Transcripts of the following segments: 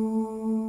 Ooh.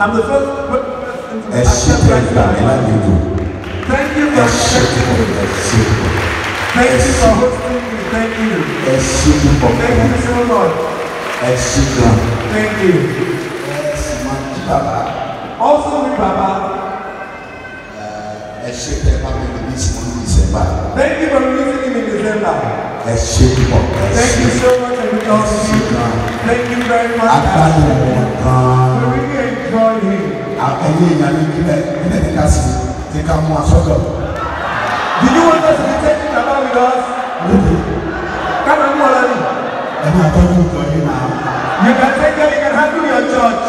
ẹ̀ṣẹ̀ tẹ̀ gbà mí lálejò ẹ̀ṣẹ̀ púpọ̀ ẹ̀ṣẹ̀ púpọ̀ Thank you. ẹ̀ṣẹ̀ gan ẹ̀ṣẹ̀ máa ń Thank you. Thank you. Baba. ẹ̀ṣẹ̀ tẹ̀ bá mi lè ní sinmi ní December. Thank you for releasing him in December. thank you so much everybody. Thank you very much. Ẹyẹ ìyàmí kílẹ̀ kílẹ̀ kíkà sí ti ká mú asọ́jọ́. Did you want us to be taking the man with us? Lóde. Kámi mú ọ̀la ni. Ẹni àtọ́jú ìjọ yìí náà. You can take care, you can handle your church.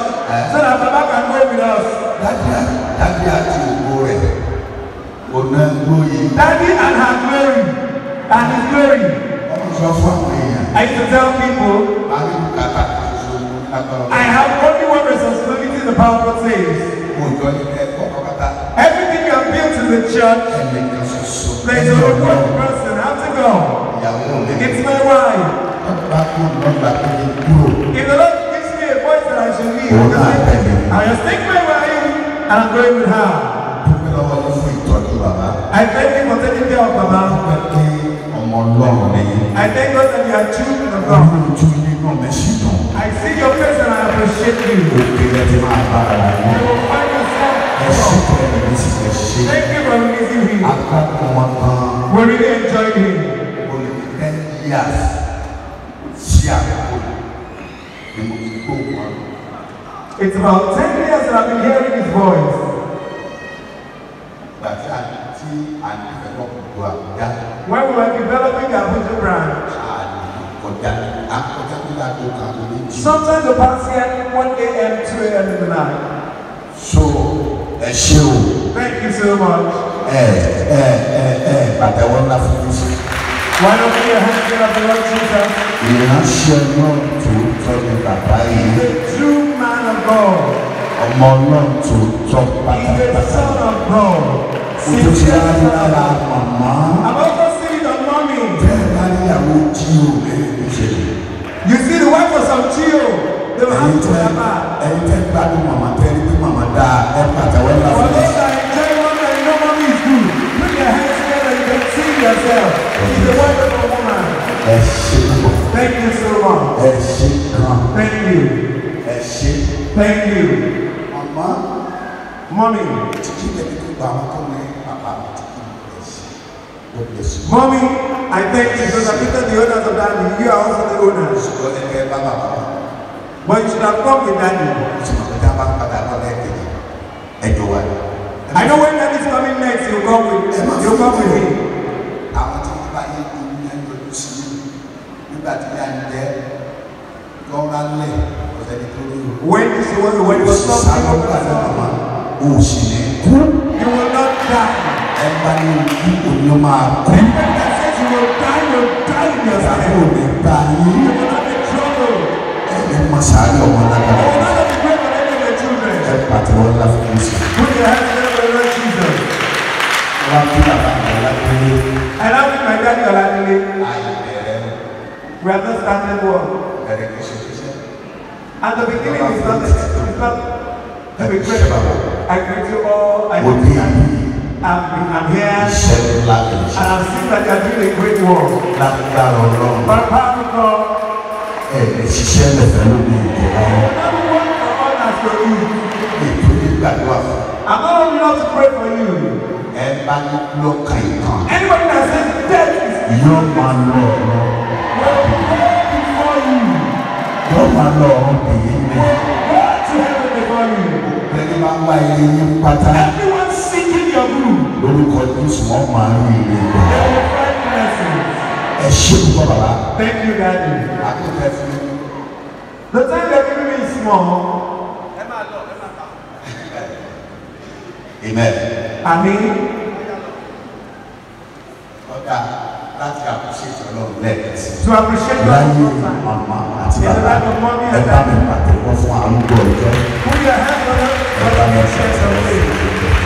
So that Baba can go with us. Dadi ah, Dadi àti ah, ògbó rẹ̀. Ònà gbóyè. Dadi and her glory and his glory. Ọmọ sọ fún àwọn èèyàn. I used to tell people. Màmí bùkátà. I have the Bible says. Òjò Everything you have built in the church. Ẹnì kan ṣoṣo. There is only one person after to go. It's my wife. If the Lord gives me a voice that I should leave, oh, I, just take my wife and I'm going with her. I thank you for taking care of bàbá. I thank God that you are children of God. I see your face kan ṣe ní ìlú òkè rẹ ti máa bá ara yín ẹ ṣe tẹ̀lé ní ti fẹ́ ṣe akọ́kọ́ wọn kan olùdíkẹ́ yíyá sí àkókò It's about ten years that I've been hearing his voice. Gbàtí àti àti ìfẹ́ náà kò When we were developing Abuja branch. Àlè Sometimes you pass here 1 a.m., 2 a.m. in the night. So, ẹ ṣe Thank you so much. Eh, eh, ẹ ẹ àtẹ̀wọ́ ńlá fún mi. Why not be a hand giver for Lord Jesus? Ìránṣẹ́ náà tòótọ́ ni bàbá yìí. He's a true man of God. Ọmọ náà tòótọ́ pátápátá. He's a son of God. Òjòjì lára màmá. Àbọ̀tọ̀ sí ìdánwò mi. Bẹ́ẹ̀ bá níyàwó jí o. You see the wife of some chio. They will have to wear back. Ẹyin tẹ́ gbádùn mama tẹ́ ẹni pé màmá dá ẹ pàtẹ́wọ́ ńlá fún For those that enjoy one man, no money is good. Put your hands together, you can see yourself. She's the wife of a woman. Ẹ ṣe púpọ̀. Thank you so much. Ẹ ṣe kan. Thank you. Ẹ ṣe. Thank you. mama. Mọ́mí. Jíjí lè ní kó gbà wọn kọ́ mi. God Mommy, I thank you because I Peter, the owners of Daddy, you are also the owners. But you should have come with Daddy. I know when Daddy's coming next, you'll come with, you'll come with him. Àwọn tí wọ́n bá yé kó ní When you stop what you want, you will not You will not die ẹ bá ní ikú òní ó máa kú. ìyàwó mi gbà yín ẹ mọ sáré ọmọ lágbára ẹ pàtó wọn láfi kú sí. wọ́n á bí bàbá mi ọ̀làdélé. ẹ we are not starting war. at the beginning is not it's not. Let me I greet you all. I greet you. I'm, I'm here. Ìṣẹ́jú láti ṣe. And I feel like I did a great work. Lágbára Ọlọ́run. Bàbá mi kọ. Ẹ̀ẹ́dẹ̀ ṣiṣẹ́ lẹ̀fẹ̀ lórí ìjọba. Every one of us has to do. Ètò ìgbàdúrà fún. I'm not only not to pray for you. Ẹ bá ní Anybody that says death is. your man, Lord. ọ̀rọ̀. Wọ́n before you. Yóò máa lọ ọ̀rọ̀ bìyí mi. Wọ́n ti pray before you. Bẹ́ẹ̀ni máa ń wá ilé yín pátá. Everyone yẹ buru. lórúkọ jésù wọn máa ń rí ilé rẹ. ẹ ṣe púpọ̀ bàbá. thank you daddy. akókò ẹfún mi. the time they give me is small. ẹ máa lọ ẹ máa ta. amen. àmì. ọ̀dà láti àpòṣèṣe ọlọ́run lẹ́ẹ̀kẹ́sì. to appreciate your love. láyé màmá àti bàbá ẹ bá mi pàtẹ́wọ́ fún àrùn bọ̀ ọjọ́. put your hand on it. ẹ bá mi ṣe é sọ pé.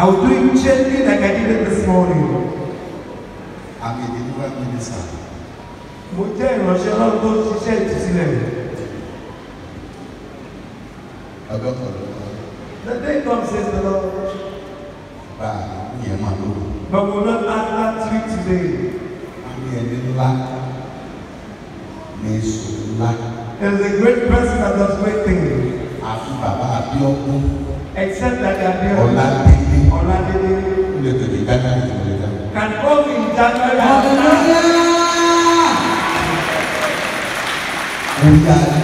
I will do it gently like I did it this morning. I'm a delivered minister. Mo jẹ́ ìránṣẹ́ lọ́dún tó ṣiṣẹ́ ìtúsílẹ̀. Ọjọ́ kan ló kọ́. The day comes says the Lord. Bá a ní ẹ̀ máa lò. But we will not act that way today. Àmì ẹni ńlá ní èso ńlá. There a great person that does great things. Àfi bàbá Abíọ́kú. Except that Abíọ́kú. Ọlá Bíọ́kú. Ọládélé ìlẹ̀kẹ̀lẹ̀ ìdájọ́ ìjọba ìjọba. Can come in January. Mo yà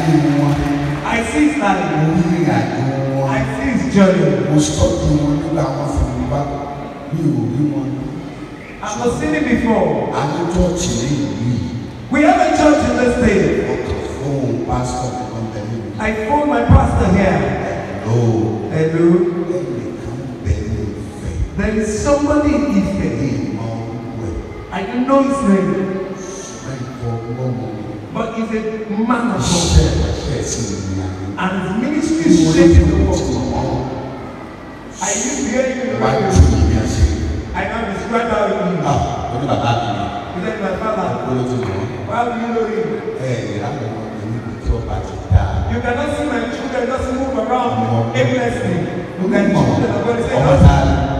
ní wọn. I see Stanley. Mo rí ìrìnàjò wọn. I see his journey. Mo sọ́ọ̀tù wọn nígbà wọn fún mi bá mi ò rí wọn. I was seen it before. A ní church ní ìlú We have a church in this day. Mo kàn fún pastor I phone my pastor here. Hello. Hello. There is somebody in Ife. I don't know his name. But he's a man of God. And his ministry is shaking the world. I used to hear him in the radio. I am his brother. Ah, what about that? my father? How do you know him? to talk You cannot see my children just move around aimlessly. You can choose them. I'm going to say,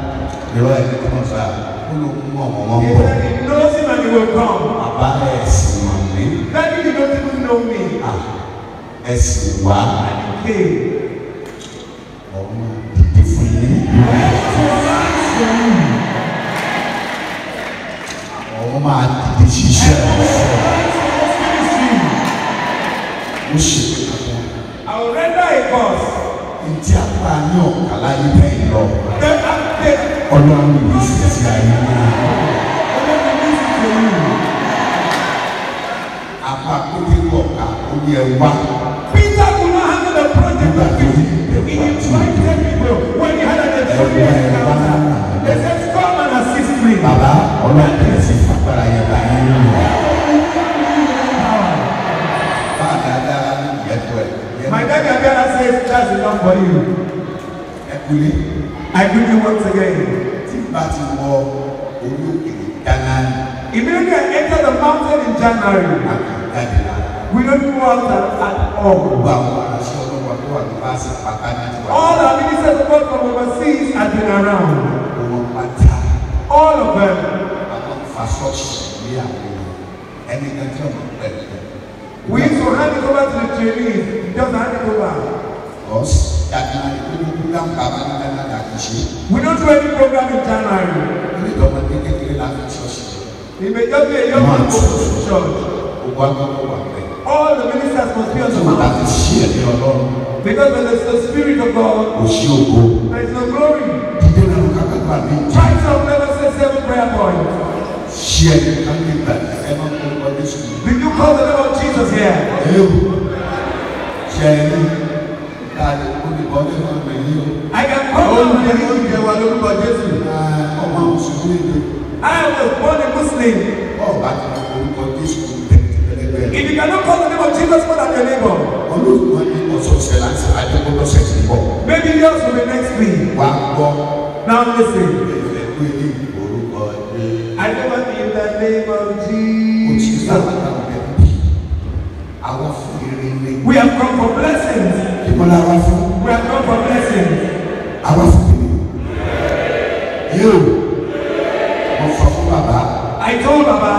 ìrọ̀ ẹni kọ́ sá kúlù mú ọmọ wọn bọ̀. ìrẹ́ni nọ́ọ̀sì máa ní wọ́n kàn. bàbá ẹ̀sìn mọ̀ mí. dájú ni ló ti kú nínú mi. ẹ̀sìn wá. àdìgbé. ọmọ dìde fún yín. ọmọ máa dìde ṣiṣẹ́ mo ṣe ìkàkọ́. àwòrán dá ìkọ́. ìdí apá ní ọ̀kàlá yìí bẹ́ẹ̀ lọ ọlọ́run ìwé sì ti ayé náà àpapọ̀ tí kò ká ó yẹ wá. Peter could handle the project of it he invited people when he had an experience in Canada they said come and assist me. bàbá ọlọ́run kìí ṣe fàgbára yẹn báyìí nínú wa. My dad Abiola says that's enough for you. I àgbèrè you once again tí bá ti wọ olókè January. immediately I enter the mountain in January. We don't do all that at all. All our ministers come from overseas and been around. All of them. We used to hand it over to the trainees. Just hand it over. Us. January we do program baba ní Ghana na kì we don't do any program in January. ilé ìjọba kékeré la fi ṣọ́ọ̀ṣì. ìgbẹ́jọ́ bí èyí ọmọ àgbo church. gbogbo agbọ́dọ̀ wà pẹ́. all the ministers must be on the map. láti ṣí ẹ̀mí ọlọ́run. because there is the spirit of God. kò sí ògo. there is no glory. dídé nínú kàkàtà mi. try some never say seven prayer points. ṣí ẹ̀mí kàkàtà ẹ máa ń ọdún sùn. did you call the name of Jesus here? ẹ o ṣe é I ní ah, ọmọ pè ní I was born a Muslim. Oh, but you orúkọ Jésù tó If you cannot call the name of Jesus more than your neighbor. Olùkọ́ ní ọ̀sọ̀ọ̀sẹ̀ láti àjọpọ̀ lọ́sẹ̀ tí Maybe yours will be next week. Now listen. I never in the name of Jesus. We have come for blessings. God for blessing. I was you. Mo sọ fún bàbá. I told Baba.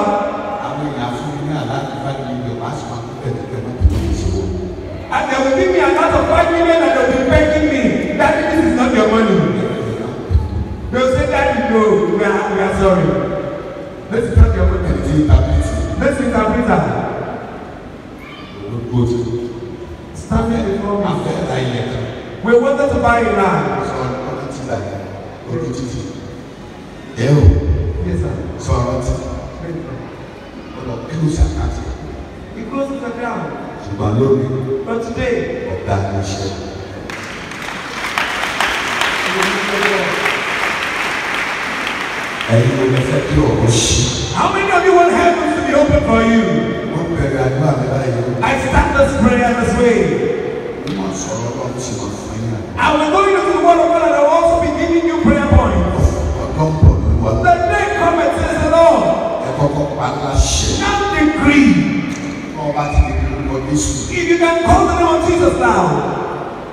And they will give me an amount of five million and they will be begging me that this is not your money. They will say that no, we are, we are sorry. This is not your money. This is interpreter. nobody line.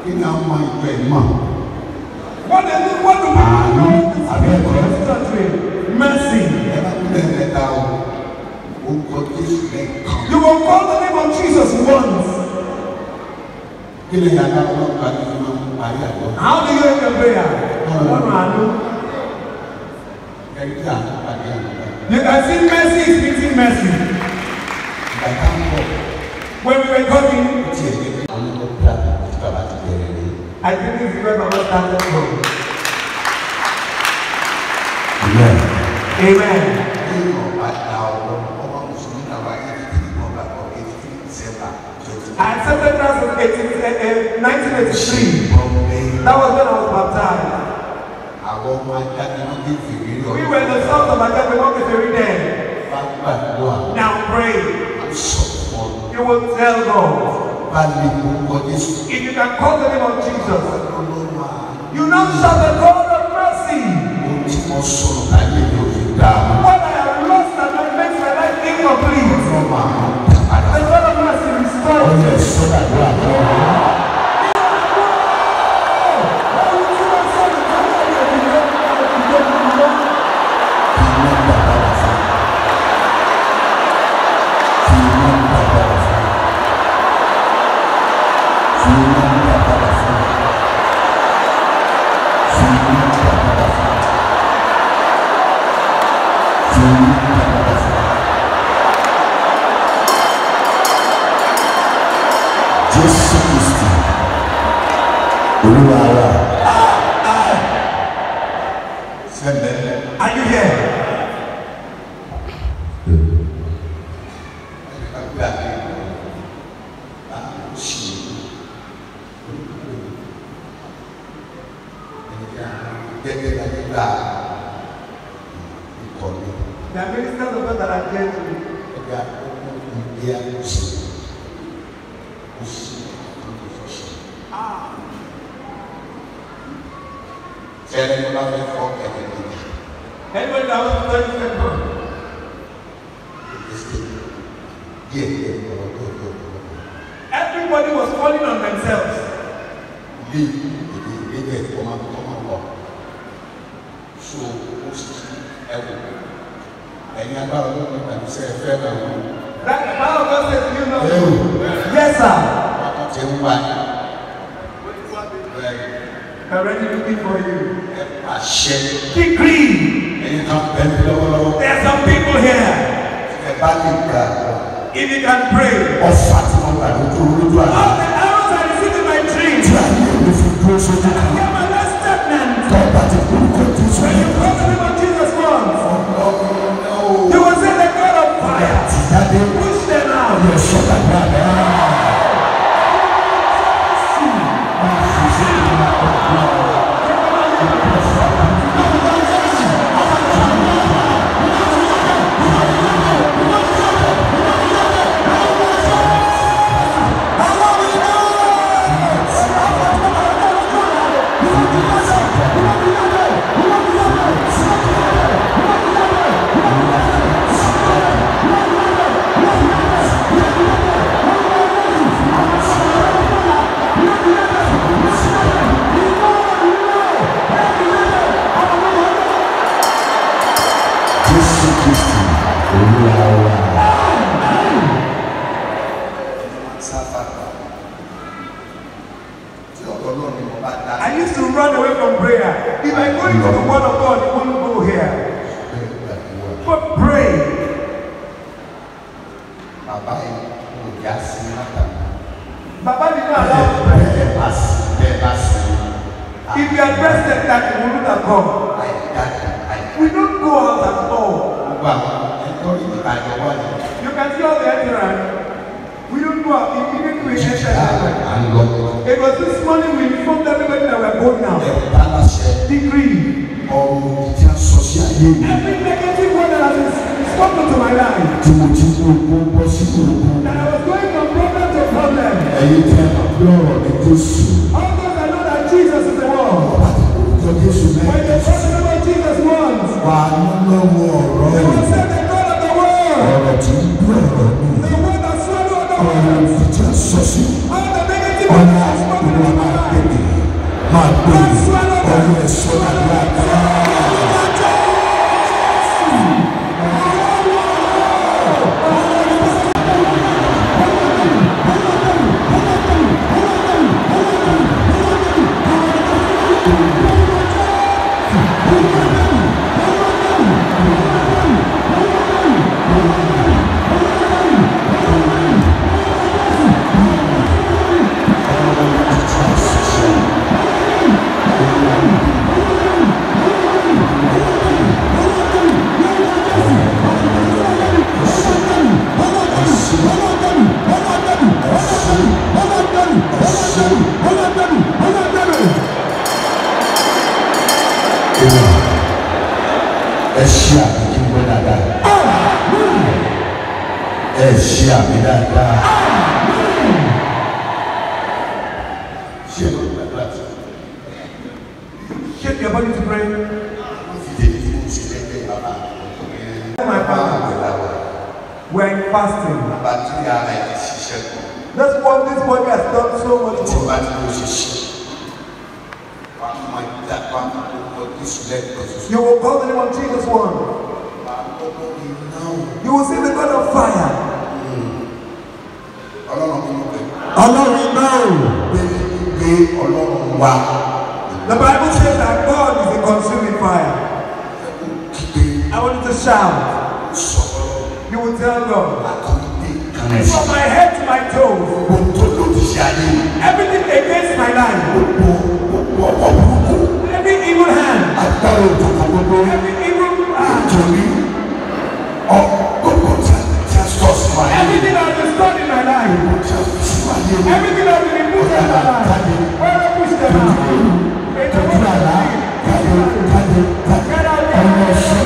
kí ni àwọn ìjọ ẹ̀ mọ̀. wọ́n lè ní wọ́n lò máa lọ àbẹ̀kọ́ ṣàtúnyẹ̀ mẹ́sì. ẹ bá kúlẹ̀ ẹ dá o o kọ Jésù lẹ́ẹ̀kan. you will call the name of Jesus once. kí ni yàrá ọlọ́pàá ní ìmọ̀ parí àgbọ̀. how do you end your prayer? wọ́n máa lọ. ẹ̀rí tí a tó parí you can see mercy is meeting mercy. ìgbà tá a ń bọ̀. when we were talking. I think you is where my mom Amen. Amen. I accepted Christ in 1983. That was when I was baptized. We were the sons of Adam, we were very dead. Now pray. You will tell God. If you can call the name of Jesus, you now shall the God of mercy. What I have lost that makes my life incomplete. The God of mercy restores. jésù kristi olúwa wa. ẹ̀yin agbára ọlọ́run tàbí sẹ́ ẹ fẹ́ náà wọn. báwo ló ṣe ti yín náà. ewu yẹsà. ọkọ ti ń wá ní. Already looking for you. Ẹ pàṣẹ. Degree. Ẹyin kan bẹ̀rẹ̀ lọ́wọ́lọ́wọ́. There are some people here. Ẹ bá lè gbà. If you can pray. Ọ̀fà tí wọ́n gbà lójú olójú àná. After hours I received my dream. Tí a ní ìlú fún dúró sójú kan. Cadê os eu sou da guardado. this morning we informed everybody that we are going now. degree. ọ̀rọ̀ ìdí àsọsí every negative word that has been spoken to my life. tí that I was going from problem to problem. ẹ̀yin tẹ́ àbúrò ní Jésù. all those I know that Jesus is the one. ọ̀pá tí kò tó when they talk about Jesus once. wà á nínú ọ̀rọ̀ rẹ̀. they the God of the world. the word that swallowed the world. ọ̀rọ̀ gonna sweat like God. one. You will see the God of fire. Ọlọ́run iná o. Ọlọ́run wá. The Bible says that God is a consuming fire. I want you to shout. You will tell God. From my head to my toes. Everything against my life. Every evil hand. Every to me of God just trust my name. Everything I've been studying my life. You will just trust my name. Everything I've been doing in my life. Where I push them out. It's a good life.